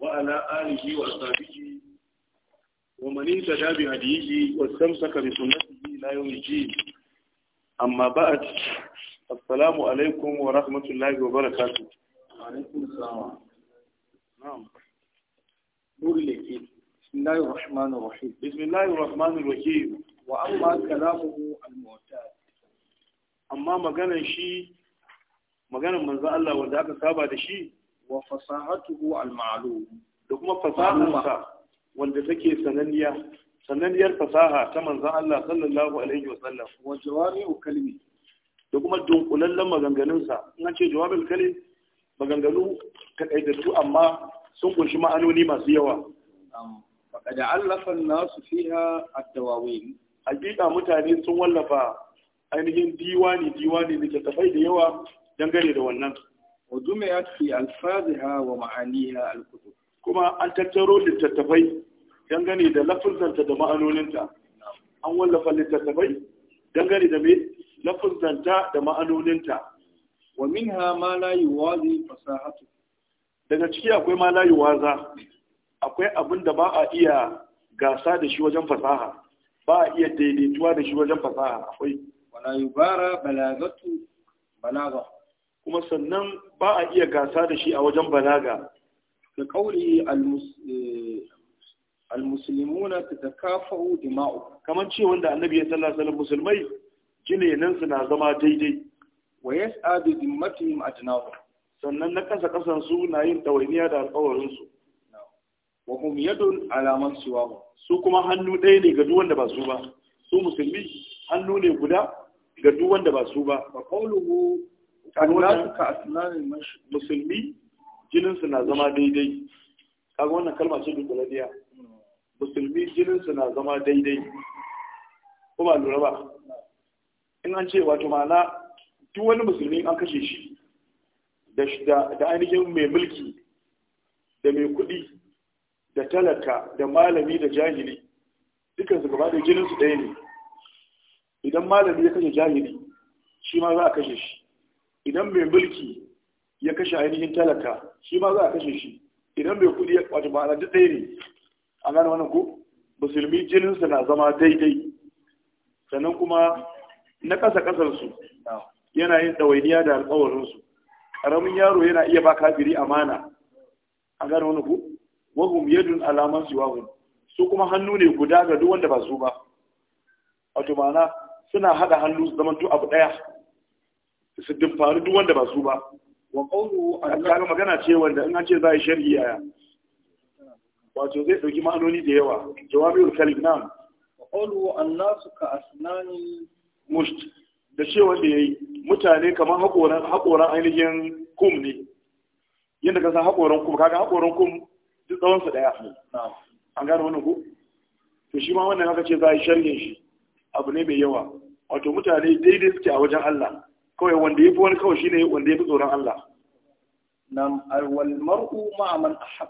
وعلى آله وأصحابه ومن اهتدى بهديه واستمسك بسنته لا يوم الدين أما بعد السلام عليكم ورحمة الله وبركاته وعليكم السلام نعم نور اليقين بسم الله الرحمن الرحيم بسم الله الرحمن الرحيم وأما كلامه المعتاد أما مجانا شيء maganar manzo Allah wanda aka saba da wa fasahatuhu al-ma'lum da kuma fasaharsa wanda take sananniya sananniyar fasaha ta manzon Allah sallallahu alaihi wasallam wa jawami'u kalimi da kuma dunkulallen maganganunsa in an ce jawabin kalim maganganu kadaitattu amma sun kunshi ma'anoni masu yawa faqad allafa an-nasu fiha ad-dawawin hakika mutane sun wallafa ainihin diwani diwani da tafai da yawa dangane da wannan وجمعت في ألفاظها ومعانيها الكتب كما أن تتروا للتتفي dangane da lafizanta da ma'anoninta an wallafa littattafai dangane da me da ma'anoninta wa minha ma la yuwazi fasahatu daga ciki akwai ma la yuwaza akwai abin da ba a iya gasa da shi wajen fasaha ba a iya daidaituwa da shi wajen fasaha akwai wala yubara balagatu balagatu kuma sannan ba a iya gasa da shi a wajen balaga da kauri, kauli eh, almuslimuna tatakafa'u dima'u Kamar ce wanda annabi ya sallallahu alaihi wasallam musulmai jine nan suna zama daidai wa yas'adu dimmatihim adnahu sannan na kasa kasan su na yin tawainiya da alƙawarin su wa hum yadun alaman siwahu su kuma hannu ɗaya ne ga duk wanda ba su ba su musulmi hannu ne guda ga duk wanda ba su ba fa qawluhu kaga a asnanin musulmi jininsu na zama daidai kaga wannan kalma ce dukuladiya musulmi jininsu na zama daidai ko ba lura ba in an ce wato mana duk wani musulmi an kashe shi da ainihin mai mulki da mai kuɗi da talaka da malami da jahili dukansu gaba da jininsu ɗaya ne idan malami ya kashe jahili shi ma za a kashe shi idan mai mulki ya kashe ainihin talaka shi ma za a kashe shi idan mai kudi ya kwace ba duk ɗaya ne A gane wani ku, musulmi jininsa na zama daidai sannan kuma na ƙasa ƙasarsu yana yin ɗawainiya da alƙawarinsu ƙaramin yaro yana iya ba kafiri amana a gane wani ku wahum yadun alaman siwahum su kuma hannu ne guda ga duk wanda ba su ba wato ma'ana suna haɗa hannu su zamanto abu ɗaya su faru duk wanda ba su ba wa qawlu kaga magana ce wanda in an ce za a yi sharhi yaya wato zai dauki ma'anoni da yawa jawabul kalim nan wa qawlu annasu ka asnani musht da ce wanda yayi mutane kamar hakoran hakoran ainihin kum ne yadda ka san hakoran kum kaga hakoran kum duk tsawon su daya na'am an gane wannan ko to shi ma wannan aka ce za a yi sharhin shi abu ne mai yawa wato mutane daidai suke a wajen Allah kawai wanda ya fi wani kawai shine wanda ya fi tsoron Allah nam wal mar'u ma'a man ahab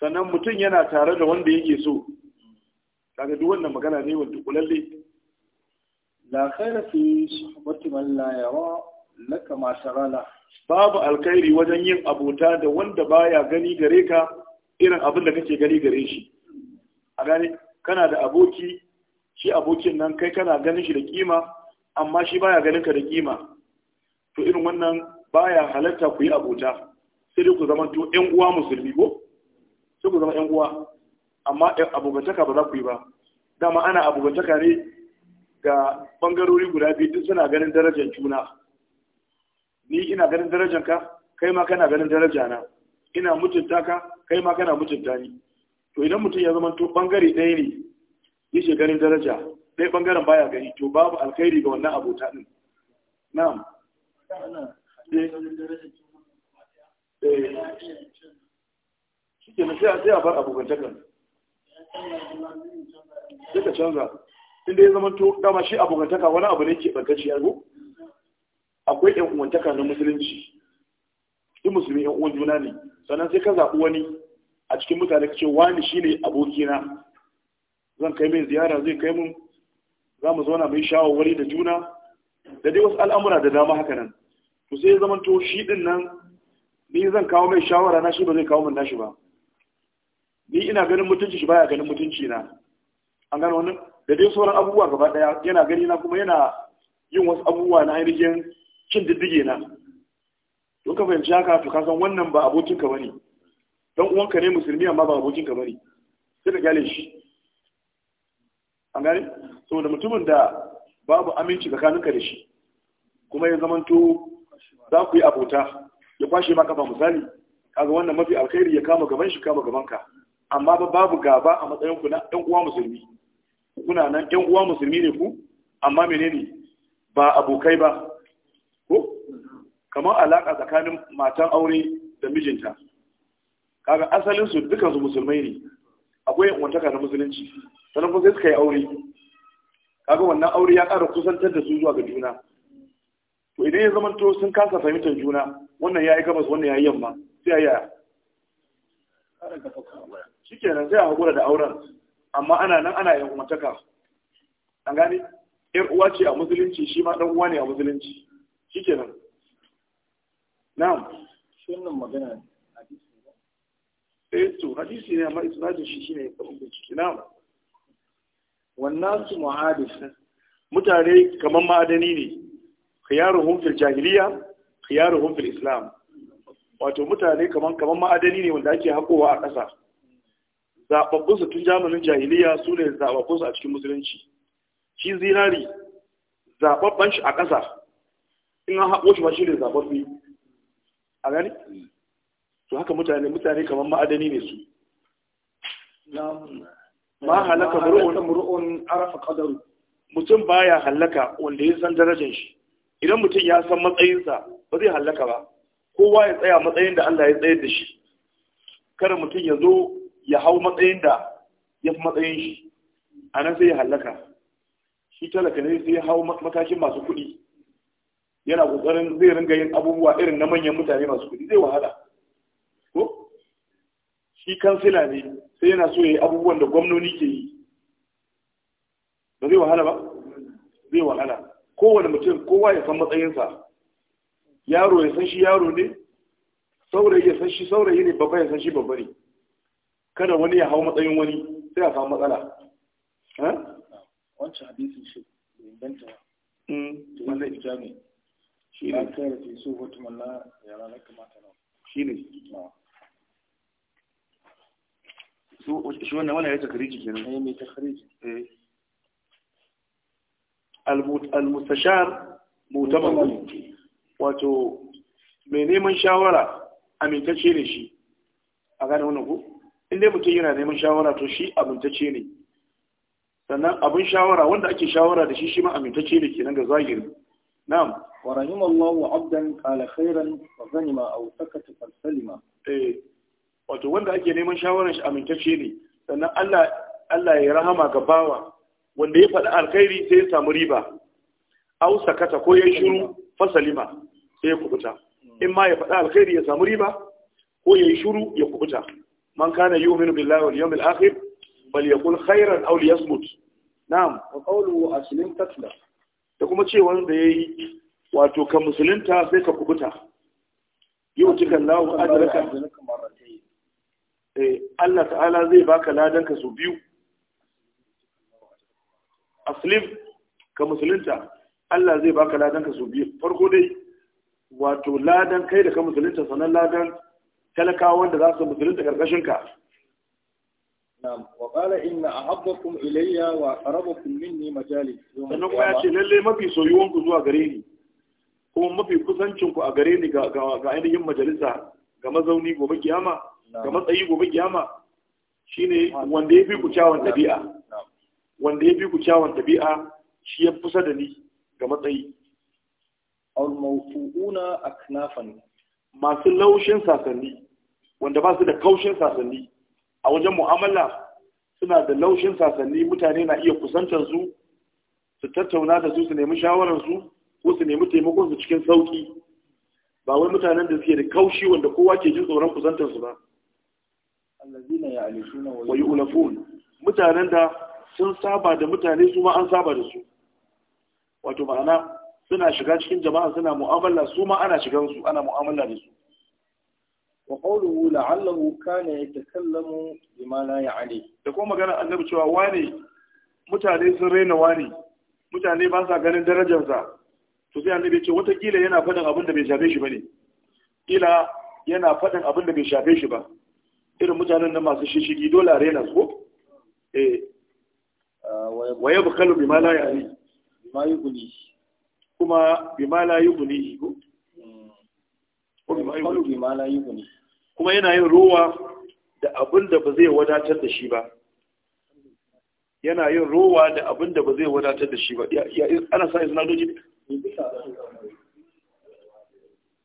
sannan mutum yana tare da wanda yake so kaga duk wannan magana ne wanda kulalle la khaira fi suhbati man la yara laka ma sharala babu alkhairi wajen yin abota da wanda baya gani gare ka irin abin da kake gani gare shi a gane kana da aboki shi abokin nan kai kana ganin shi da kima amma shi baya ganin ka da kima to irin wannan baya halatta ku yi abota sai dai ku zama to ƴan uwa musulmi ko sai ku zama ƴan uwa amma abokantaka ba za ku yi ba dama ana abokantaka ne ga bangarori guda biyu duk suna ganin darajar juna ni ina ganin darajar ka kai ma kana ganin daraja na ina mutunta ka kai ma kana mutunta ni to idan mutum ya zama to bangare ɗaya ne yake ganin daraja ɗaya bangaren baya gani to babu alkhairi ga wannan abota din na'am shi ke na sai a bar abokantakan sai canza inda ya zama to dama shi abokantaka wani abu ne ke ɓarkaci yanzu akwai yan uwantaka na musulunci in musulmi yan uwan juna ne sannan sai ka zaɓi wani a cikin mutane ka ce wani shi ne abokina zan kai mai ziyara zai kai mun za mu zauna mai shawarwari da juna da dai wasu al'amura da dama haka nan to sai ya zama to shi din nan ni zan kawo mai shawara na shi ba zai kawo min nashi ba ni ina ganin mutunci shi baya ganin mutunci na an gano wannan da dai sauran abubuwa gaba daya yana gani na kuma yana yin wasu abubuwa na ainihin cin diddige na to ka fahimci haka to ka san wannan ba abokin ka bane dan ka ne musulmi amma ba abokin ka bane sai ka gyale shi an gane saboda mutumin da babu aminci tsakaninka da shi kuma ya zamanto za ku yi abota ya kwashe ma kafa misali kaga wannan mafi alkhairi ya kama gaban shi kama gaban ka amma ba babu gaba a matsayin ku na ɗan uwa musulmi kuna nan ɗan uwa musulmi ne ku amma menene ba abokai ba ko kamar alaka tsakanin matan aure da mijinta kaga asalin su dukan su musulmai ne akwai wantaka na musulunci sanan kuma sai suka yi aure kaga wannan aure ya ƙara kusantar da su zuwa ga juna to idan ya zama to sun kasa fahimtar juna wannan ya yi gabas wannan ya yi yamma sai ya yaya shi nan sai a haƙura da auren amma ana nan ana yin umartaka an gane yar uwa ce a musulunci shi ma dan uwa ne a musulunci shi kenan na'am shunan magana hadisi ne eh to hadisi ne amma isnadin shi shine kamar bincike na'am wannan su muhadis mutane kamar ma'adani ne khiyaruhum fil jahiliya khiyaruhum fil islam wato mutane kaman kaman ma'adani ne wanda ake hakowa a ƙasa zababbun su tun zamanin jahiliya su ne zababbun su a cikin musulunci shi zinari zababban shi a ƙasa in an hako shi ba shi ne zababbi a gani to haka mutane mutane kaman ma'adani ne su ma halaka mur'un arafa qadaru mutum baya halaka wanda ya san darajar shi idan mutum ya san matsayinsa ba zai hallaka ba kowa ya tsaya matsayin da Allah ya tsayar da shi kada mutum ya zo ya hau matsayin da ya fi matsayin shi a nan sai ya hallaka shi talaka ne sai ya hau matakin masu kuɗi yana ƙoƙarin zai ringa yin abubuwa irin na manyan mutane masu kuɗi zai wahala ko shi kansila ne sai yana so ya yi abubuwan da gwamnoni ke yi ba zai wahala ba zai wahala kowane mutum kowa ya san matsayinsa yaro ya san shi yaro ne saurayi ya san shi saurayi ne babba ya san shi babba ne kada wani ya hau matsayin wani sai a samu matsala wancan hadisin shi mm, da inganta wanda ita ne shi ne kai da so wata malla ya rana kamata na shi ne shi wannan ya takariji kenan eh, mai takariji eh al-mustashar mutaman wato mai neman shawara amintacce ne shi a gane wannan ku inda mutum yana neman shawara to shi amintacce ne sannan abin shawara wanda ake shawara da shi shi ma amintacce ne kenan ga zahiri na'am wa rahimallahu abdan qala khairan wa zanima aw sakata fasalima eh wato wanda ake neman shawara shi amintacce ne sannan Allah Allah ya rahama ga bawa wanda ya faɗi alkhairi sai ya samu riba aw sakata ko ya shiru fasalima sai ya kubuta in ma ya faɗi alkhairi ya samu riba ko ya yi shiru ya kubuta man kana yu'minu billahi wal yawmil akhir falyakul khairan aw liyasmut na'am wa qawluhu aslim tatla da kuma ce wanda yayi wato ka musulunta sai ka kubuta yau cikin lawo ajalaka eh Allah ta'ala zai baka ladanka su biyu aslim ka musulunta Allah zai baka ladan ka su biyu farko dai wato ladan kai da ka musulunta sanan ladan talakawa wanda za su musulunta karkashin ka na'am wa qala inna ahabbakum ilayya wa qarabakum minni majalis sannan ko ya ce lalle mafi soyuwan ku zuwa gare ni kuma mafi kusancin ku a gare ni ga ga ainihin majalisa ga mazauni gobe kiyama ga matsayi gobe kiyama shine wanda ya fi ku kyawun dabi'a wanda ya fi ku kyawun tabi'a shi ya fusa da ni ga matsayi al a aknafan masu laushin sasanni wanda ba su da kaushin sasanni a wajen mu'amala suna da laushin sasanni mutane na iya kusantar su su tattauna da su su nemi shawarar su ko su nemi taimakon su cikin sauki ba wai mutanen da suke da kaushi wanda kowa ke jin tsoron kusantar su ba ya alishuna wa yu'lafun mutanen da sun saba da mutane su ma an saba da su wato ma'ana suna shiga cikin jama'a suna mu'amala su ma ana shiga su ana mu'amala da su wa qawluhu la'allahu kana yatakallamu bima la ya'ni da kuma magana annabi cewa wani mutane sun raina wani mutane ba sa ganin darajarsa to sai annabi ce wataƙila yana faɗin abin da bai shafe shi bane kila yana faɗin abin da bai shafe shi ba irin mutanen nan masu shishigi dole a raina su eh waye wa yabkhalu bima la ya'ni bima yughni kuma bi bima la yughni ko bi mala yi guni kuma yana yin ruwa da abin da ba zai wadatar da shi ba yana yin ruwa da abin da ba zai wadatar da shi ba ya ana sa izina doji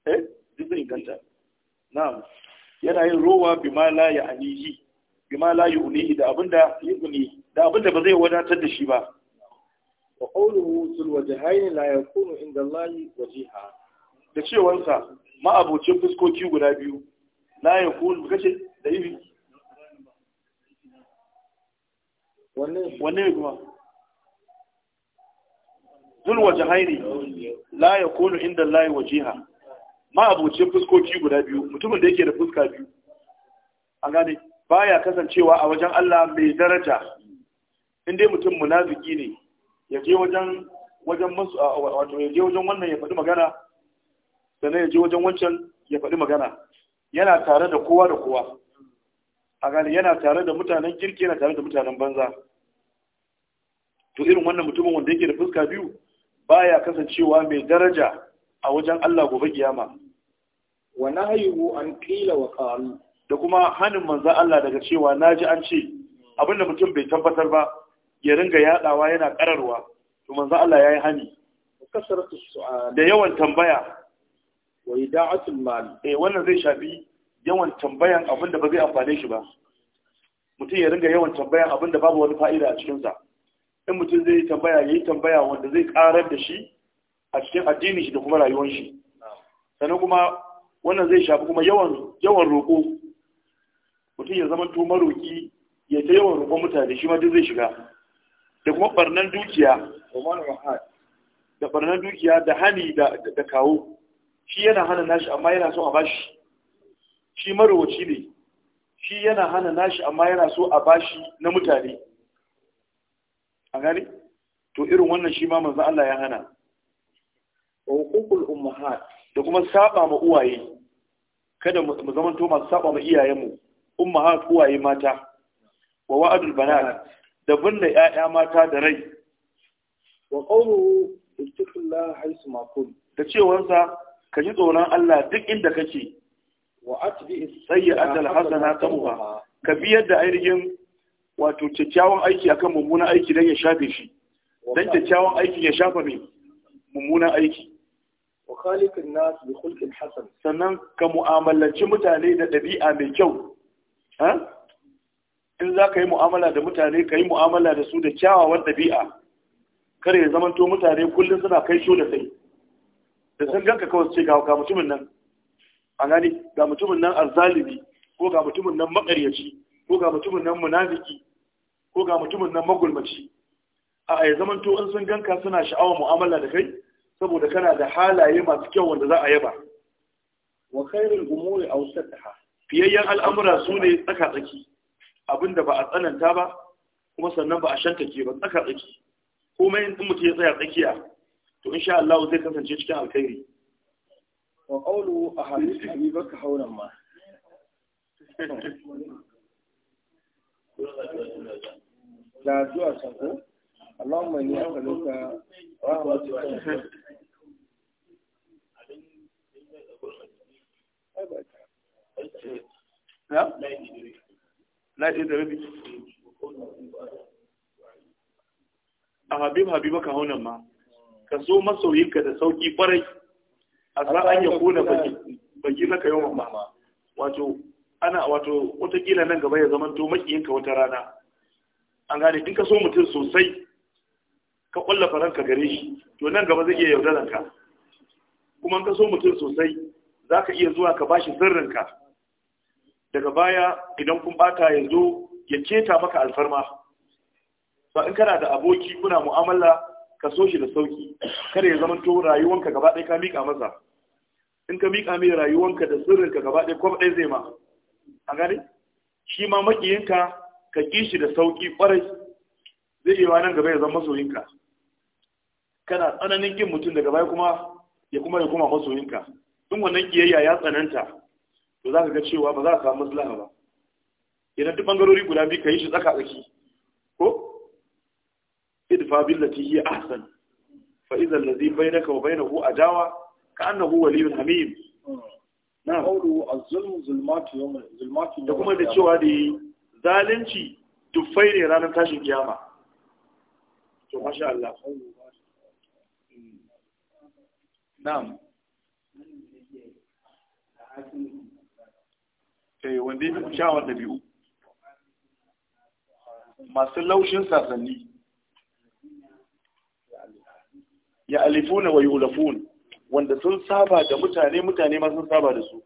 eh duk zai inganta na'am yana yin ruwa bi mala ya la bi mala yi yu'nihi da abin da yu'nihi da abin da ba zai wadatar da shi ba wa qawluhu sul wajhayn la yakunu inda layi wajha da cewansa ma'abocin fuskoki guda biyu la yakunu kace da iri wanne kuma zul wajhaini la yakunu inda layi wajha Ma'abocin fuskoki guda biyu mutumin da yake da fuska biyu an gane baya kasancewa a wajen Allah mai daraja in dai mutum munafiki ne ya je wajen wajen masu wato ya je wajen wannan ya faɗi magana sannan ya je wajen wancan ya faɗi magana yana tare da kowa da kowa a gane yana tare da mutanen kirki yana tare da mutanen banza to irin wannan mutumin wanda yake da fuska biyu baya kasancewa mai daraja a wajen Allah gobe kiyama wa nahyu an qila wa qalu da kuma hanin manzo Allah daga cewa naji an ce abinda mutum bai tabbatar ba ya ringa yadawa yana kararwa to manzo Allah yayi hani kasaratu su'al da yawan tambaya wa ida'atul mal eh wannan zai shafi yawan tambayan abin da ba zai amfane shi ba mutum ya ringa yawan tambayan abin da babu wani fa'ida a cikin sa in mutum zai tambaya yayi tambaya wanda zai karar da shi a cikin addinin shi da kuma rayuwar shi sannan kuma wannan zai shafi kuma yawan yawan roƙo mutum ya zama to maroƙi ya ta yawan roƙon mutane shi ma duk zai shiga da kuma barnan dukiya da barnan dukiya da hani da kawo shi yana hana nashi amma yana so a bashi shi marowaci ne shi yana hana nashi amma yana so a bashi na mutane a gani to irin wannan shi ma manzan Allah ya hana a hukukul ummahat da kuma saba ma uwaye kada mu zama to masu saba ma iyayenmu ummahat uwaye mata wa wa'adul banat da binne ƴaƴa mata da rai wa qawluhu ittaqillah haythu ma kunt da cewarsa, ka ji tsoron Allah duk inda kake wa atbi sayyi'atal hasana tamuha ka bi yadda ainihin wato kyakkyawan aiki akan mummunan aiki don ya shafe shi don kyakkyawan aiki ya shafa mai mummunan aiki wa khaliqin nas bi khulqin hasan sannan ka mu'amalanci mutane da ɗabi'a mai kyau ha in za ka yi mu'amala da mutane ka yi mu'amala da su da kyawawan ɗabi'a kar ya to mutane kullum suna kai sho da kai da sun ganka kawai ce ga mutumin nan a gani ga mutumin nan azzalimi ko ga mutumin nan makaryaci ko ga mutumin nan munafiki ko ga mutumin nan magulmaci a ya to in sun ganka suna sha'awar mu'amala da kai saboda kana da halaye masu kyau wanda za a yaba wa khairul umuri awsatha fiyayyan al'amura su ne tsaka tsaki Abin da ba a tsananta ba kuma sannan ba a ke ba tsaka tsaki komai in mutum ya tsaya tsakiya to insha Allah zai kasance cikin alkhairi wa qawlu a habibaka hauran ma da zuwa sako Allahumma ni asaluka rahmatuka Yeah. na da rabi a habib habiba ka haunan ma ka so masoyinka da sauƙi barai a a yi kona baki na ka yawan ma wato ana wato watakila nan gaba ya to makiyinka wata rana an gane in ka so mutum sosai ka ƙwalla faranka gare shi to nan gaba zai iya yaudaranka kuma in ka so mutum sosai za ka iya zuwa ka bashi sirrinka daga baya idan kun bata yanzu, ya keta maka alfarma ba in kana da aboki kuna mu'amala ka so shi da sauki kada ya zama to rayuwanka gaba ɗaya ka miƙa masa in ka miƙa mai rayuwanka da sirrinka gaba ɗaya kwaf ɗaya zai ma a gane shi ma makiyinka ka ƙi shi da sauƙi ƙwarai zai yi nan gaba ya zama masoyinka kana tsananin ƙin mutum daga baya kuma ya kuma ya kuma masoyinka in wannan ƙiyayya ya tsananta to za ka ga cewa ba za ka samu maslaha ba idan duk bangarori guda biyu ka yi shi tsaka tsaki ko idfa billati hiya ahsan fa idza allazi bainaka wa bainahu adawa ka annahu waliyyun hamim na qawlu az-zulmu zulmatu yawm zulmatu da kuma da cewa da zalunci dufai ne ranar tashin kiyama to masha Allah na'am eh wanda yake kyawun biyu? masu laushin sasanni ya alifuna wa yulafun wanda sun saba da mutane mutane ma sun saba da su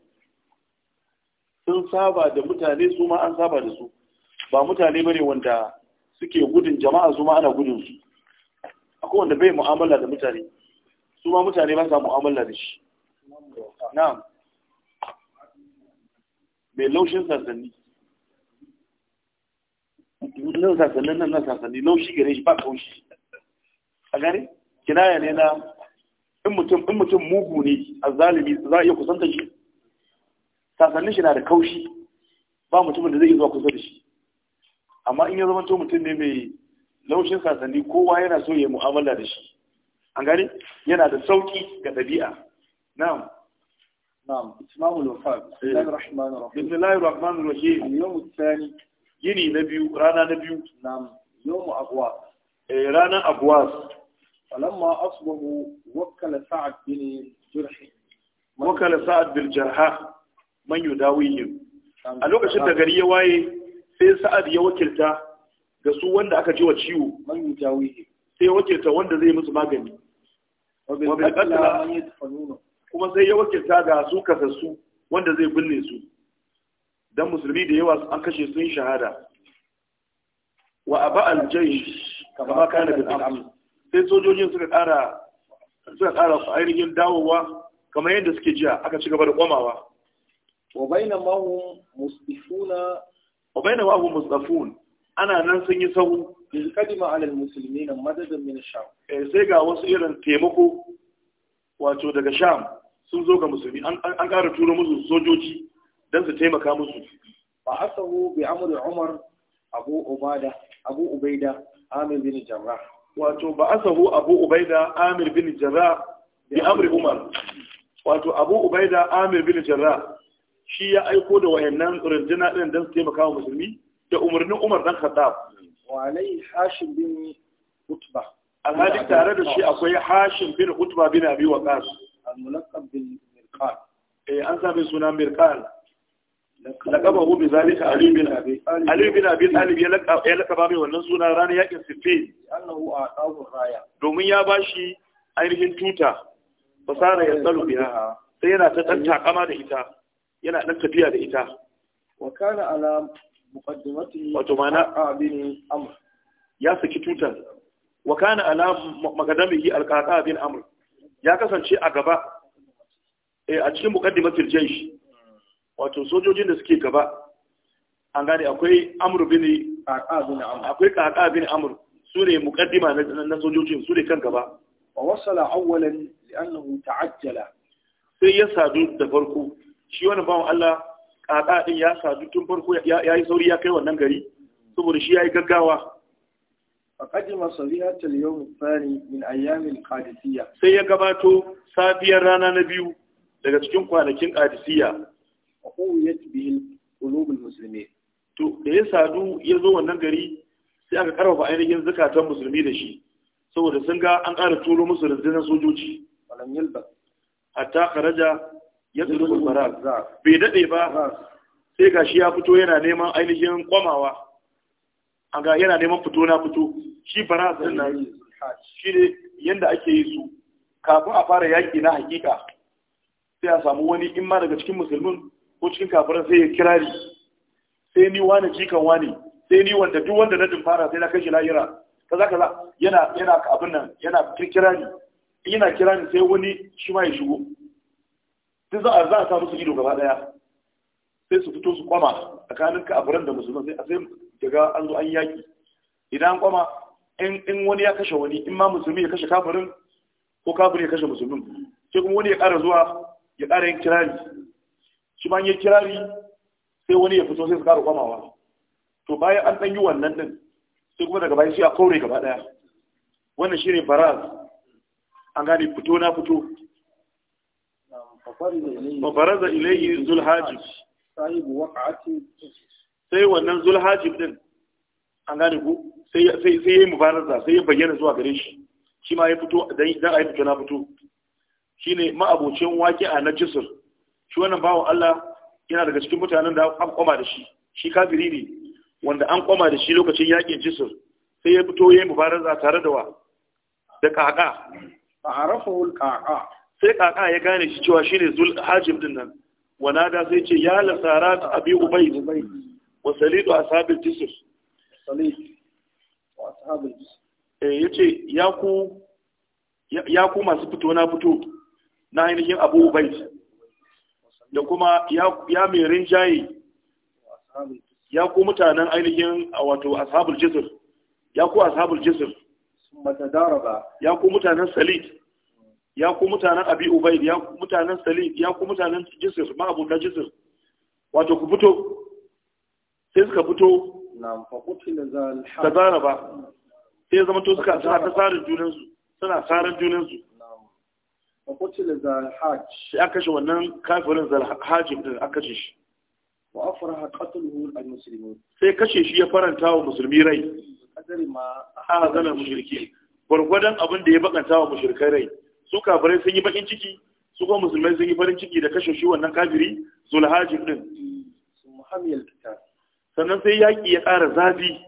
sun saba da mutane su ma an saba da su ba mutane bane wanda suke gudun jama'a su ma ana gudun su akwai wanda bai mu'amala da mutane su ma mutane ba sa mu'amala da shi na'am mai laushin sassanni nan sassanin nan nan sassanni laushi gare shi ba kaushi a gare kinaya ne na in mutum mugu ne a zalimi za a iya kusanta shi sassanin shi na da kaushi ba mutumin da zai yi zuwa kusa da shi amma in ya zama to mutum ne mai laushin sassanni kowa yana so ya mu'amala da shi an gane yana da sauki ga ɗabi'a na. نعم إتمام الوفاة بسم الله الرحمن الرحيم بسم الله الرحمن الرحيم اليوم الثاني يني نبيو رانا نبيو نعم يوم أغواس رانا أغواس فلما أصبه وكل سعد بن جرح وكل سعد بالجرحاء من يداويهم a lokacin da gari ya waye sai sa'ad ya wakilta ga su wanda aka ji wa ciwo man yutawi sai wakilta wanda zai musu magani wa bil qatla man yadfununa kuma sai ya wakilta ga su kasassu wanda zai binne su dan musulmi da yawa an kashe sun shahada wa aba al-jaysh kama kana bil amr sai sojojin suka kara suka ƙara ainihin dawowa kamar yadda suke jiya aka ci gaba da komawa wa bainama hum musdifuna wa hum ana nan sun yi sahu bil kadima ala almuslimin madadan min sham eh, sai ga wasu irin taimako wato daga sham sun zo ga musulmi an ƙara turo musu sojoji don su taimaka musu ba asahu bi amurin umar abu ubada abu ubaida amir bin jarrah wato ba a sahu abu ubaida amir bin jarrah bi amurin umar wato abu ubaida amir bin jarrah shi ya aiko da wayannan runduna din don su taimaka wa musulmi da umarnin umar dan khattab wa alai hashim bin utba alhali tare da shi akwai hashim bin utba bin abi waqas al-mulaqab bil mirqal eh an sa mai suna mirqal laqabahu bi zalika ali bin abi ali bin abi ya laqaba mai wannan suna ranar yakin siffin domin ya bashi ainihin tuta fasara ya tsalu biha sai yana ta dan takama da ita yana dan tafiya da ita wa kana ala muqaddimati wato mana abin amr ya saki tutar wa kana ala makadamihi alqaqa bin amr ya kasance a gaba eh, a cikin muqaddimatul jaysh wato sojojin da suke gaba an gane akwai amr bin akwai qaqa bin su ne na sojojin su ne kan gaba wa wasala awwalan li'annahu ta'ajjala sai ya sadu da farko shi wani bawon Allah kaka din ya sadu tun farko ya yi sauri ya kai wannan gari saboda shi ya yi gaggawa فقدم min ayyamin ƙadisiya. Sai ya gabato safiyar rana na biyu daga cikin kwanakin Qadisiyya uhuyat bihi qulubul muslimin to da ya sadu ya zo wannan gari sai aka karfafa ainihin zakatan musulmi da shi saboda sun ga an ƙara turo musu rundunar sojoji A yalba hatta kharaja yadrul marar bai daɗe ba sai gashi ya fito yana neman ainihin kwamawa a ga yana neman fito na fito shi baraz din na yi shi ne yadda ake yi su kafin a fara yaƙi na hakika sai a samu wani in ma daga cikin musulmin ko cikin kafin sai ya kirari sai ni wani jikan wani sai ni wanda duk wanda na fara sai na kai shi lahira kaza kaza yana yana abin nan yana kirani yana kirani sai wani shi ma ya shigo sai za a za a sa musu ido gaba daya sai su fito su kwama tsakanin kafiran da musulman sai daga an zo an yaki idan kwama in wani ya kashe wani in ma musulmi ya kashe kafirin ko kafirin ya kashe musulmin sai kuma wani ya ƙara zuwa ya ƙara yin kirari shi ma yin kirari sai wani ya fito sai su ƙara kwamawa to bayan an ɗan yi wannan ɗin sai kuma daga bayan sai a kore gaba ɗaya wannan shi ne baraz an gane fito na fito babaraza ilayhi zulhajj sahibu waqa'ati sai wannan zulhajib din an gane ku sai sai sai yayi mubaraza sai ya bayyana zuwa gare shi shi ma ya fito dan a yi fito na fito shine ma'abocin waqi'a a najisir shi wannan bawo Allah yana daga cikin mutanen da an koma da shi shi kafiri ne wanda an koma da shi lokacin yakin jisir sai ya fito yayi mubaraza tare da wa da kaka fa arafahu kaka sai kaka ya gane shi cewa shine zulhajib din nan wana da sai ce ya lasara abi ubayd wasalidu a jisr salid wa ashabul eh, ya ku ya ku masu fito na fito na ainihin Abu Ubayd da kuma ya mai rinjaye ya ku mutanen ainihin wato ashabul jisr ya ku ashabul jisr ya ku mutanen salid hmm. ya ku mutanen abi ubaid ya ku mutanen salid ya ku mutanen jisr ma abu wato ku fito sai suka fito ta zara ba sai ya zama to suka suna ta tsarin junansu suna tsarin junansu sai aka kashe wannan kafirin zalhajin din aka kashe shi sai kashe shi ya faranta wa musulmi rai a ma ahazana gwargwadon abin da ya bakanta wa mushrikai rai su kafirai sun yi bakin ciki su kuma musulmai sun yi farin ciki da kashe shi wannan kafiri zulhajin din mm, sannan sai yaƙi ya ƙara zafi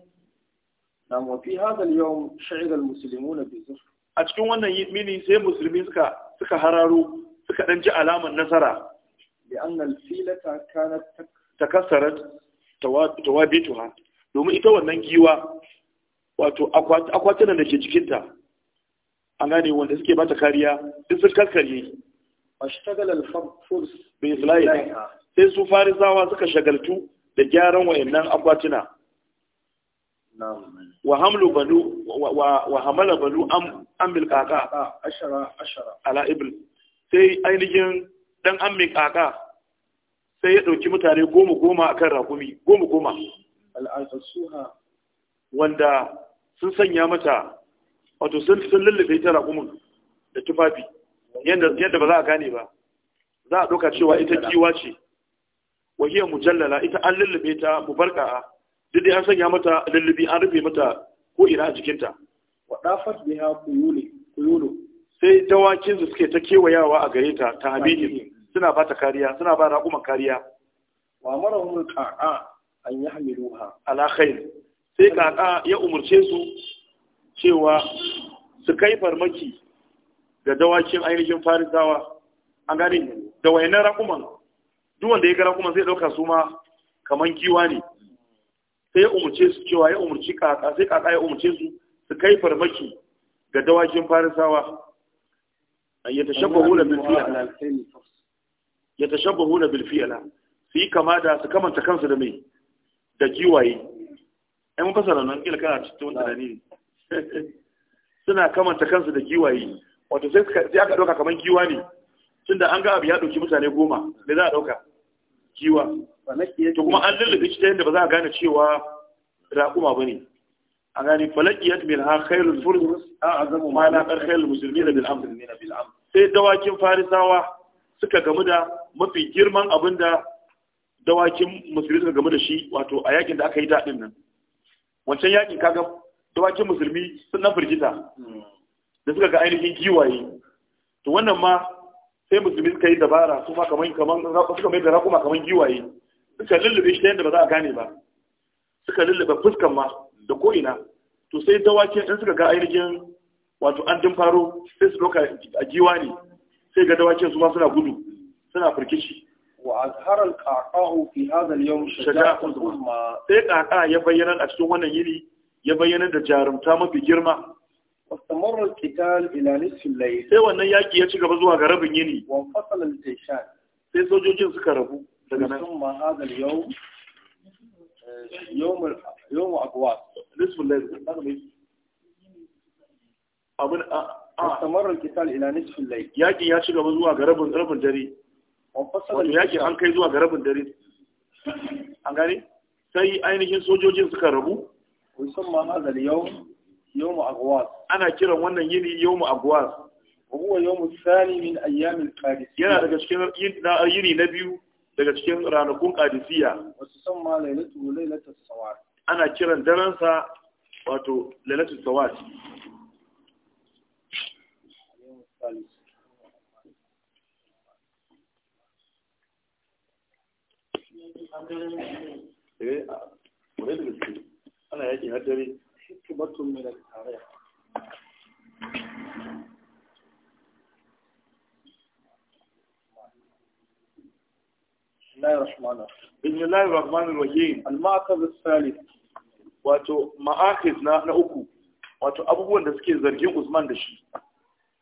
na mafi hadal yawon sha'idar musulmi na bizir a cikin wannan mini sai musulmi suka hararo suka ɗan ji alamar nasara da annal filata kana takassarar tawabituha domin ita wannan giwa wato akwatinan da ke cikinta. a gane wanda suke bata kariya duk sun karkarye a shagalar furs bi sai su farisawa suka shagaltu da gyaran wayannan akwatuna, wa hamlu banu wa hamala banu an bil kaka ashara ashara ala ibl sai ainihin dan an bil kaka sai ya dauki mutane goma goma akan rakumi goma goma al'asasuha wanda sun sanya mata wato sun sun lullube ta rakumin da tufafi yadda ba za a gane ba za a ɗauka cewa ita kiwa ce wahiyar mujallala ita an lullube ta mubarka duk da an sanya mata lullubi an rufe mata ko ina a jikinta wa dafat biha kuyulu sai dawakin su suke ta kewayawa a gare ta ta habibi suna ba ta kariya suna ba raƙuman kariya wa marahum qa'a an yahmiluha ala khair sai qa'a ya umurce su cewa su kai farmaki da dawakin ainihin farisawa an gane da wayannan raƙuman duk wanda ya gara kuma zai dauka su ma kaman giwa ne sai ya umurce su cewa ya umurci kaka sai kaka ya umurce su su kai farmaki ga dawakin farisawa an ya tashabbahu na bilfiyala ya tashabbahu na bilfiyala su yi kama da su kamanta kansu da mai da giwaye ɗan fasara nan ila kana cikin wanda ne suna kamanta kansu da giwaye wato sai aka ɗauka kamar giwa ne da an ga abu ya ɗauki mutane goma me za a ɗauka kiwa? to kuma an lullube shi ta yadda ba za a gane cewa raƙuma ba ne a gani falakiyat min ha khairul furdus a azabu ma la kar khairul muslimina bil amr sai dawakin farisawa suka gamu da mafi girman abinda dawakin musulmi suka gamu da shi wato a yakin da aka yi daɗin nan wancan yakin kaga dawakin musulmi sun na firgita hmm. da suka ga ainihin giwaye to wannan ma sai musulmi suka yi dabara su suka mai da raƙuma kamar giwaye suka lullube shi ta yadda ba za a gane ba suka lullube fuskan ma da ko'ina. to sai dawaki in suka ga ainihin wato an din faro sai su doka a giwa ne sai ga dawakin su ma suna gudu suna firkici wa azharal ƙaƙa'u fi hadha yau yawm shaja'atul umma sai ƙaƙa ya bayyana a cikin wannan yini ya bayyana da jarumta mafi girma واستمر القتال sai wannan ya ci gaba zuwa ga rabin yini sai sojojin suka rabu daga nan kuma yau abun a استمر القتال الى نصف الليل ya ci gaba zuwa ga rabin dare wa fasal an kai zuwa ga rabin dare an gani sai ainihin sojojin suka rabu wa sun ma yawmu agwas ana kiran wannan yini yawmu agwas wa huwa yawmu thani min ayyamil qadis yana daga cikin yini na biyu daga cikin ranakun qadisiyya wasu san ma lailatu lailatus sawat ana kiran daren sa wato lailatul sawat eh wani daga cikin ana yaki har dare كبت من التاريخ بسم الله الرحمن الرحيم بسم الله الرحمن الرحيم المعقب الثالث واتو معاقب نحن أكو واتو أبوهن دسكي زرجين عثمان دشي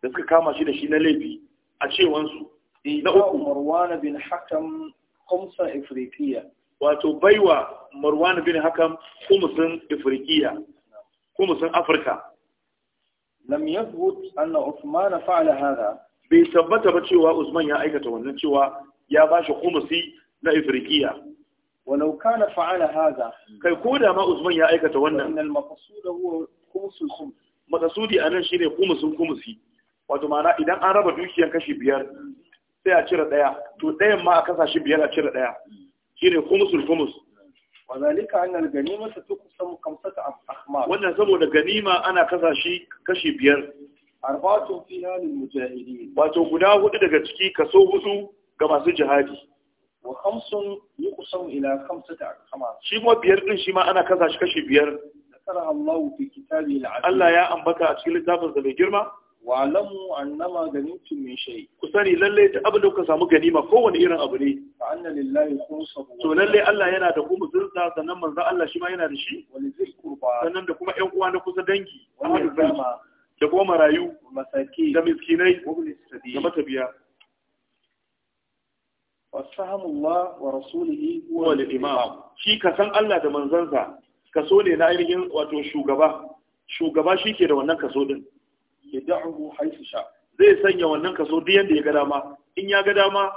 دسكي كاما شي دشي نليبي أشي وانسو إينا أكو مروان بن حكم خمسة إفريقية واتو بيوا مروان بن حكم خمسة إفريقية ko mu san Afirka lam ya anna Uthman fa'ala hada bai tabbata ba cewa Usman ya aikata wannan cewa ya ba shi Kumusi na Afrikiya walau kana fa'ala hada kai ko da ma Usman ya aikata wannan innal maqsud huwa khumsul khums maqsudi anan shine khumsun kumusi. wato ma'ana idan an raba dukiyar kashi biyar sai a cire daya to dayan ma a kasa shi biyar a cire daya shine khumsul kumus? fazalika annal ganimatu tuqsam khamsata ahmar wannan saboda ganima ana kasa shi kashi biyar arba'atun fiha lil mujahidin wato guda hudu daga ciki kaso hudu ga masu jihadi wa khamsun yuqsam ila khamsata ahmar shi ma biyar din shi ma ana kasa shi kashi biyar ذكرها الله في كتابه العزيز الله يا أنبتا أشكال الدافر ذا Walamu annama ganimtum min shay ku sani lalle ta abin da kuka samu ganima kowane irin abu ne fa anna lillahi khumsahu to lalle Allah yana da kuma zurta sannan manzo Allah shi ma yana da shi wal qurba sannan da kuma ƴan uwa na kusa dangi da kuma marayu masaki da miskinai da matabiya wasahamu Allah wa rasulihi huwa al-imam shi ka san Allah da manzansa kaso ne na ainihin wato shugaba shugaba shi ke da wannan kaso din ya da'uhu haisu sha zai sanya wannan kaso duk yanda ya ga dama in ya ga dama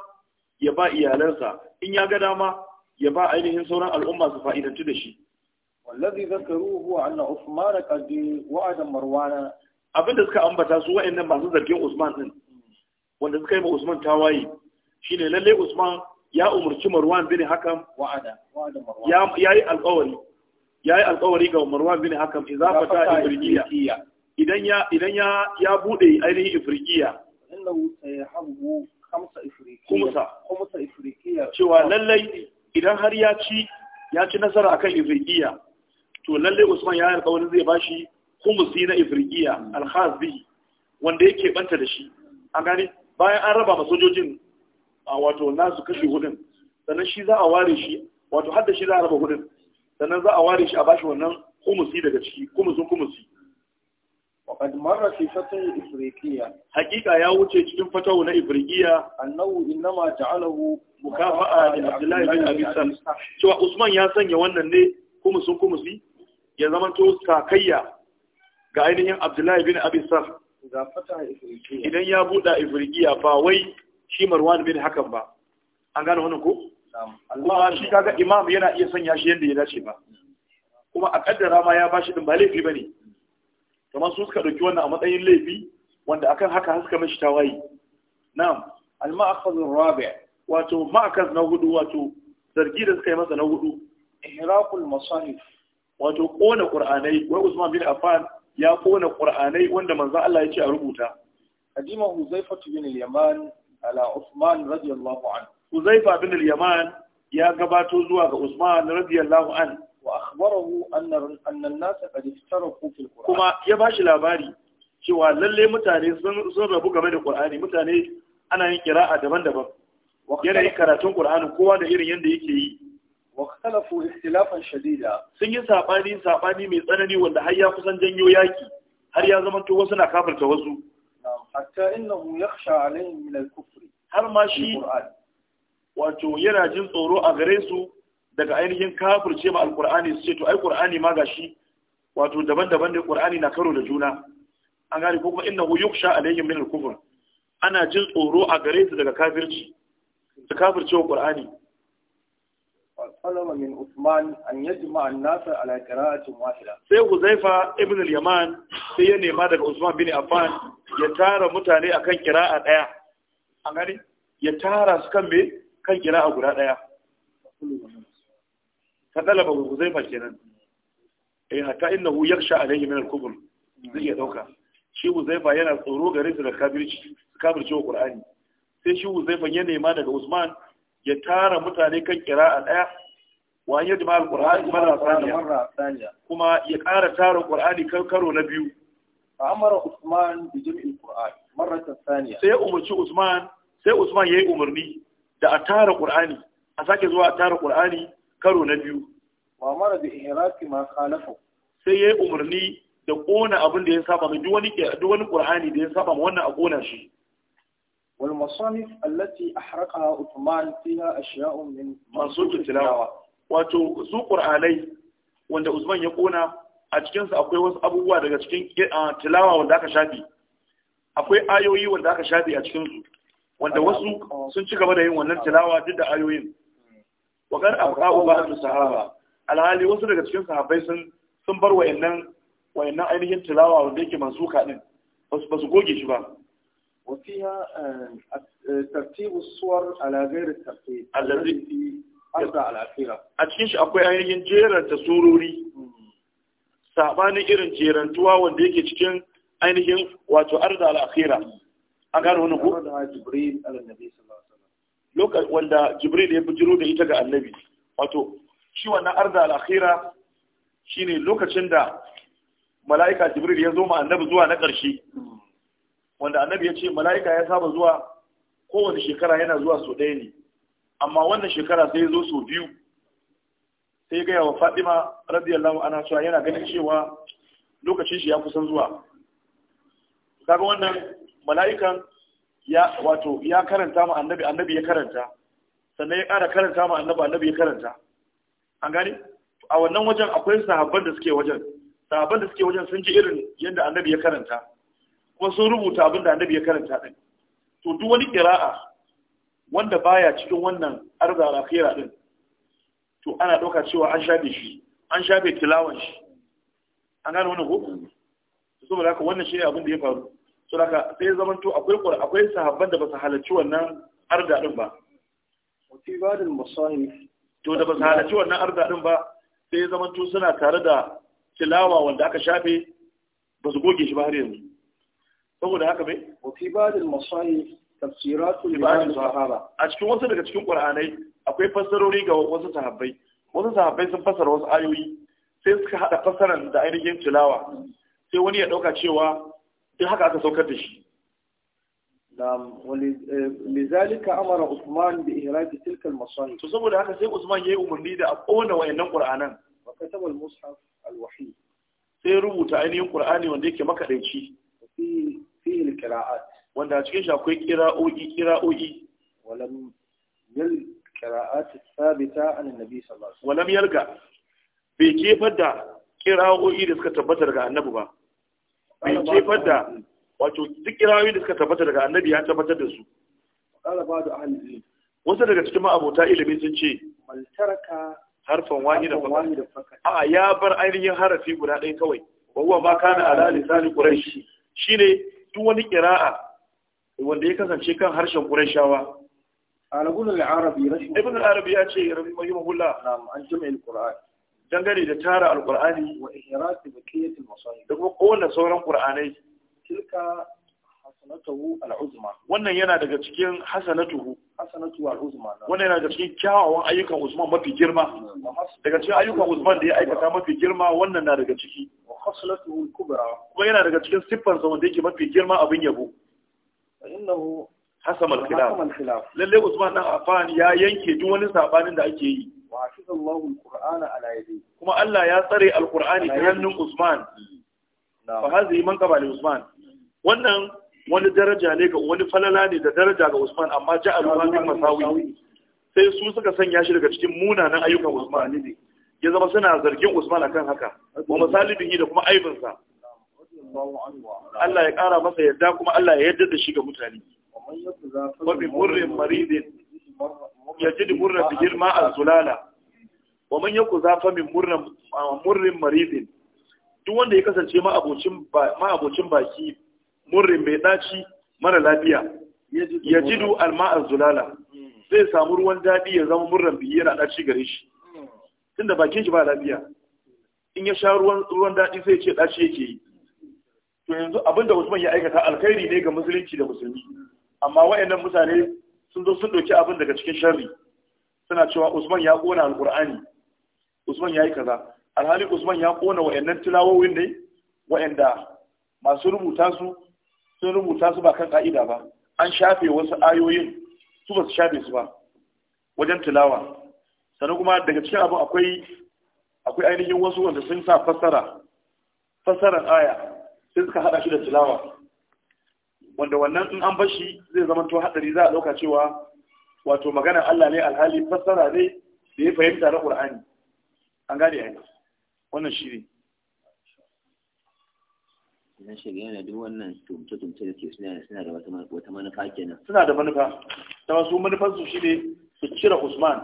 ya ba iyalansa in ya ga dama ya ba ainihin sauran al'umma su fa'idantu da shi wallazi zakaru huwa anna usman qad wa'ada marwana abinda suka ambata su wa'annan masu zargin usman din wanda suka yi ma usman tawaye shine lalle usman ya umarci marwan bin hakan wa'ada ya yi alƙawari ya yi alƙawari ga marwan bin hakam idza fata ibriya idan ya idan ya ya bude ainihin ifriqiya innahu sayahabu khamsa ifriqiya khamsa ifriqiya cewa lallai idan har ya ci ya ci nasara akan ifriqiya to lallai Usman ya yarda wani zai bashi khumsi na ifriqiya alkhazi wanda yake banta da shi an gani bayan an raba masojojin a wato nasu kashe hudun sannan shi za a ware shi wato hadda shi za a raba hudun sannan za a ware shi a bashi wannan kumusi daga ciki kumusin kumusi وقد ya wuce cikin fatawu na Ifriqiya annahu innama ja'alahu mukafa'a bin Abi cewa Usman ya sanya wannan ne kuma sun kuma si ya zama to ga ainihin Abdullah bin Abi idan ya buɗa Ifriqiya ba wai shi Marwan bin Hakan ba an gane wannan ko Allah shi kaga imam yana iya sanya shi yadda ya dace ba kuma a kaddara ma ya bashi din ba laifi bane kamar su suka dauki wannan a matsayin laifi wanda akan haka suka mashi tawayi na'am al-ma'akhadh ar-rabi' wato ma'akaz na hudu wato zargi da suka yi masa na hudu ihraqul masahif wato kona qur'anai wai Usman bin Affan ya kona qur'anai wanda manzo Allah ya ce a rubuta hadima Huzaifa bin al-Yaman ala Usman radiyallahu anhu Huzaifa bin al-Yaman ya gabato zuwa ga Usman radiyallahu anhu وأخبره أن أن الناس قد افترقوا في القرآن كما يباشي labari, cewa lalle mutane sun rabu game da Qur'ani mutane ana yin kira'a daban-daban yana yin karatun Qur'ani kowa da irin yadda yake yi wa ikhtalafu ikhtilafan shadida sun yi sabani sabani mai tsanani wanda har ya kusan janyo yaki har ya zama to wasu na kafirta wasu hatta innahu yakhsha alaihim min al-kufr har ma shi wato yana jin tsoro a gare su daga ainihin kafirce ma alkur'ani su ce to ai qur'ani ma gashi wato daban-daban ne qur'ani na karo da juna an gani ko kuma innahu yukhsha alaihim min alkufr ana jin tsoro a gare su daga kafirci su kafirce min usman an yajma an-nas ala الناس wahida sai huzaifa Ibn al-Yaman sai ya nema daga Usman bin Affan ya tara mutane akan qira'a daya. An gani? Ya tara su kan me kan qira'a guda daya. ta ɗalaba huzaifa kenan eh hatta innahu yakhsha alayhi min al-kufr zai iya dauka shi huzaifa yana tsoro gare su da kafirci kafirci wa qur'ani sai shi huzaifa ya nema daga usman ya tara mutane kan qira'a daya wa an yadma al-qur'an marra thaniya kuma ya ƙara tara qur'ani kan karo na biyu amara usman bi jam'il qur'an marra thaniya sai umarci usman sai usman yayi umarni da a tara qur'ani a sake zuwa a tara qur'ani karo na biyu wa mara da ihraqi ma khalafu sai yayi umarni da kona abin da ya saba mai duk wani duk wani qur'ani da ya saba mai wannan a kona shi wal masanif allati ahraqaha uthman fiha ashya'un min mansukh tilawa wato su qur'anai wanda usman ya kona a cikin su akwai wasu abubuwa daga cikin tilawa wanda aka shafi akwai ayoyi wanda aka shafi a cikin su wanda wasu sun ci gaba da yin wannan tilawa duk da ayoyin wa kan abqa'u ba'd sahaba alhali wasu daga cikin sahabbai sun sun bar wayannan wayannan ainihin tilawa wanda yake mansuka din ba su goge shi ba وفيها ترتيب الصور على غير الترتيب الذي في أربعة الأخيرة أتشينش أكوي أين جيرا تسوروري sabanin irin jerantuwa wanda yake cikin ainihin wato arda al'akhira a gano wani ku? wanda jibril ya bujiro da ita ga annabi wato shi wannan arda al'akhira shine lokacin da mala'ika jibril ya zo ma annabi zuwa na ƙarshe wanda annabi ya ce mala'ika ya saba zuwa kowane shekara yana zuwa sau ɗaya ne amma wannan shekara sai ya zo sau biyu sai gaya wa fadima radiyallahu ana cewa yana ganin cewa lokacin shi ya kusan zuwa kaga wannan mala'ikan ya wato ya karanta ma annabi annabi ya karanta sannan ya ƙara karanta ma annabi annabi ya karanta an gane a wannan wajen akwai sahabban da suke wajen sahabban da suke wajen sun ji irin yadda annabi ya karanta kuma sun rubuta abin da annabi ya karanta din to duk wani qira'a wanda baya cikin wannan arzar akhira din to ana ɗauka cewa an shafe shi an shafe tilawan shi an gane wannan hukumi saboda haka wannan shi ne abin da ya faru so daga sai zamanto akwai akwai sahabban da ba su halarci wannan arda din ba fi badin musahim. to da ba su halarci wannan arda din ba sai zamanto suna tare da tilawa wanda aka shafe ba su goge shi ba har yanzu saboda haka bai wa fi badin masahif tafsiratu libanin sahaba a cikin wasu daga cikin qur'anai akwai fassarori ga wasu sahabbai wasu sahabbai sun fassara wasu ayoyi sai suka hada fassaran da ainihin tilawa sai wani ya dauka cewa In haka aka saukar da shi na'am wani eh, lizalika amara usman bi ihraji tilkal masahi to saboda haka sai usman ya yi umarni da a kona wayannan qur'anan wa katabal mushaf al wahi sai rubuta ainihin qur'ani wanda yake makadaici fi fi al qira'at wanda a cikin shi akwai qira'o'i qira'o'i walam yal qira'at thabita an annabi sallallahu alaihi wasallam walam yalga bai kefar da qira'o'i da suka tabbata daga annabi ba bai jefar da wato duk kirayoyi da suka tabbata daga annabi ya tabbatar da su wasu daga cikin ma'abota ilimi sun ce harfan wani da fakat a ya bar ainihin harafi guda ɗaya kawai wawa ma kana ala lisani shi ne duk wani ƙira'a, wanda ya kasance kan harshen qurayshawa al-arabi ibn arabi ya ce rahimahullah na'am an jami'il qur'an dangane da tara alqur'ani wa ihrasi baqiyati al-masahif da kuma kowanne sauran qur'anai tilka hasanatuhu al'uzma. wannan yana daga cikin hasanatuhu hasanatu al'uzma wannan yana daga cikin kyawawan ayyukan Usman mafi girma daga cikin ayyukan Usman da ya aikata mafi girma wannan na daga ciki wa hasanatuhu al-kubra kuma yana daga cikin siffar sa wanda yake mafi girma abin yabo innahu hasama al-khilaf lalle Usman dan Afani ya yanke duk wani sabanin da ake yi kuma Allah ya tsare al ta hannun Usman fa hazi man qaba li Usman wannan wani daraja ne ga wani falala ne da daraja ga Usman amma ja'alu ma min masawi sai su suka sanya shi daga cikin munanan ayyukan Usman ne ya zama suna zargin Usman akan haka wa masalibihi da kuma aibinsa Allah ya ƙara masa yadda kuma Allah ya yadda da shi ga mutane wa bi murrin maridin yajid murran bihil ma'al zulala wa man yaku zafa min murran murrin maridin duk wanda ya kasance ma'abocin baki murrin mai daci mara lafiya yajidu alma'al zulala hmm. zai samu ruwan daɗi ya zama murran biyu yana daci gare shi hmm. tunda bakin shi ba lafiya in ya sha ruwan daɗi sai ce daci yake yi to yanzu abinda Usman ya aikata alkhairi ne ga musulunci da musulmi amma wayannan mutane sun zo sun ɗauki abin daga cikin sharri suna cewa usman ya ƙona alƙur'ani usman ya yi kaza alhali usman ya ƙona wa'annan tilawowin ne wa'anda masu rubuta su sun rubuta su ba kan ƙa'ida ba an shafe wasu ayoyin su ba su shafe su ba wajen tilawa sannan kuma daga cikin abin akwai akwai ainihin wasu wanda sun sa fassara fassarar aya sai suka hada shi da tilawa wanda wannan in an bashi zai zama to hadari za a dauka cewa wato magana Allah ne alhali fassara ne da ya fahimta na Qur'ani an gane ai wannan shi ne na shiga yana duk wannan tumce-tumce da ke suna da wata manufa kenan suna da manufa ta wasu manufansu shi ne su cire usman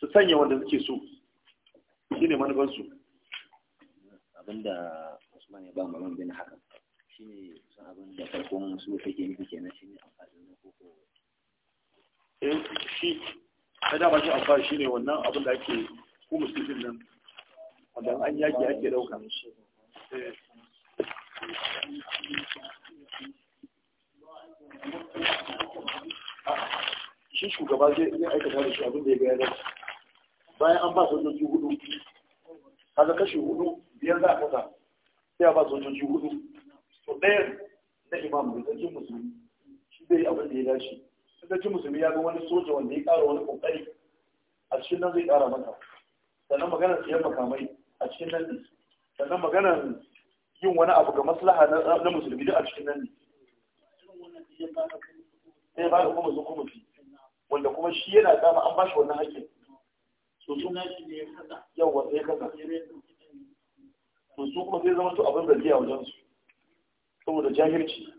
su sanya wanda suke so shine ne manufansu abinda usman ya ba mamman bin hakan shi ne abin da farkon su take nufi kenan shi ne amfani na koko eh shi ta dama shi amfani ne wannan abin da ake ko musulmin nan wanda an yaki ake ɗauka eh. shi shugaba zai iya aikata da shi abin da ya gaya dace bayan an ba sojoji hudu kaga kashi hudu biyar za a kasa sai a ba sojoji hudu to ɗayan na imam da sarkin musulmi shi zai abin da ya dace sarkin musulmi ya ga wani soja wanda ya ƙara wani ƙoƙari a cikin nan zai ƙara mata sannan maganar siyan makamai a cikin nan ne sannan maganar yin wani abu ga maslaha na musulmi duk a cikin nan ne sai ba da kuma su kuma fi wanda kuma shi yana dama an bashi wannan haƙƙin to su yawa sai kasa to su kuma sai zama to abin da zargi a wajen su saboda jahilci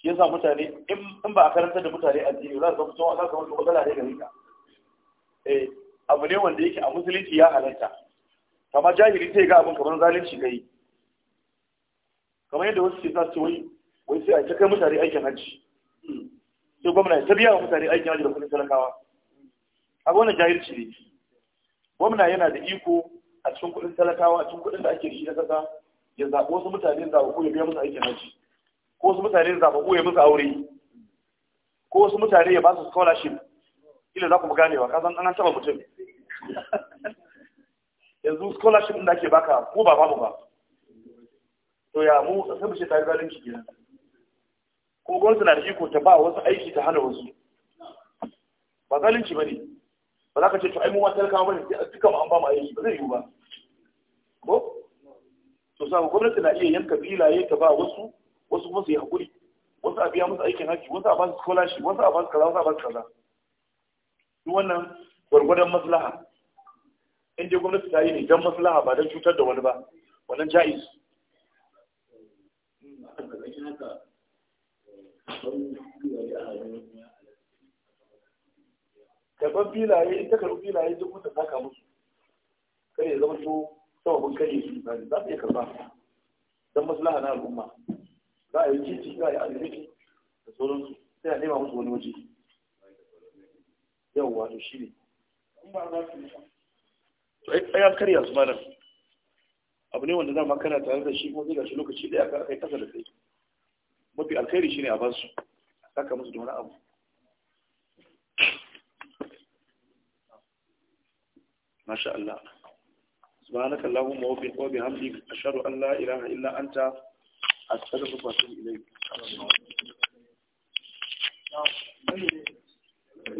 shi yasa mutane in ba a karanta da mutane a addini za su fito za su mutu kuma zalare gari ka eh abu ne wanda yake a musulunci ya halatta kama jahili sai ga abin kamar zalunci kai. kamar yadda wasu ke sa su wai wai sai a ta kai mutane aikin hajji sai gwamna ta biya wa mutane aikin hajji da kudin talakawa a wannan jahilci ne gwamna yana da iko a cikin kudin talakawa a cikin kudin da ake da shi na kasa ya zaɓi wasu mutane zaɓa ko ya biya musu aikin haji ko wasu mutane zaɓa ko ya musu aure ko wasu mutane ya ba su scholarship ila za ku mu ganewa ka san an taɓa mutum yanzu scholarship da ake baka ko ba babu ba to ya mu sai mu ce ta zalunci kenan ko gwamnati na da iko ta ba wasu aiki ta hana wasu ba zalunci ba ne ba za ka ce to ai mu ma talakawa ba ne sai cika mu an ba mu aiki ba zai yiwu ba to sabu gwamnati na iya yanka filaye ta ba wasu wasu kuma su yi hakuri wasu a biya musu aikin haki wasu a ba su kolashi wasu a ba su kaza wasu a ba su kaza duk wannan gwargwadon maslaha in dai gwamnati ta yi ne don maslaha ba don cutar da wani ba wannan ja'iz karɓar filaye in ta karɓi filaye duk wata saka musu kai ya zama to sababin kare su misali za su iya karba don maslaha na al'umma za a yi titi za a yi arziki da sauransu sai a nema musu wani waje yau wato shi ne to ai an karya su malam abu ne wanda za dama kana tare da shi kuma zai gashi lokaci daya ka kai kasa da kai mafi alkhairi shine a basu a saka musu da wani abu masha Allah subhanaka allahumma wa bihamdika ashhadu a la Allah illa anta astaghfiruka wa atubu ilayk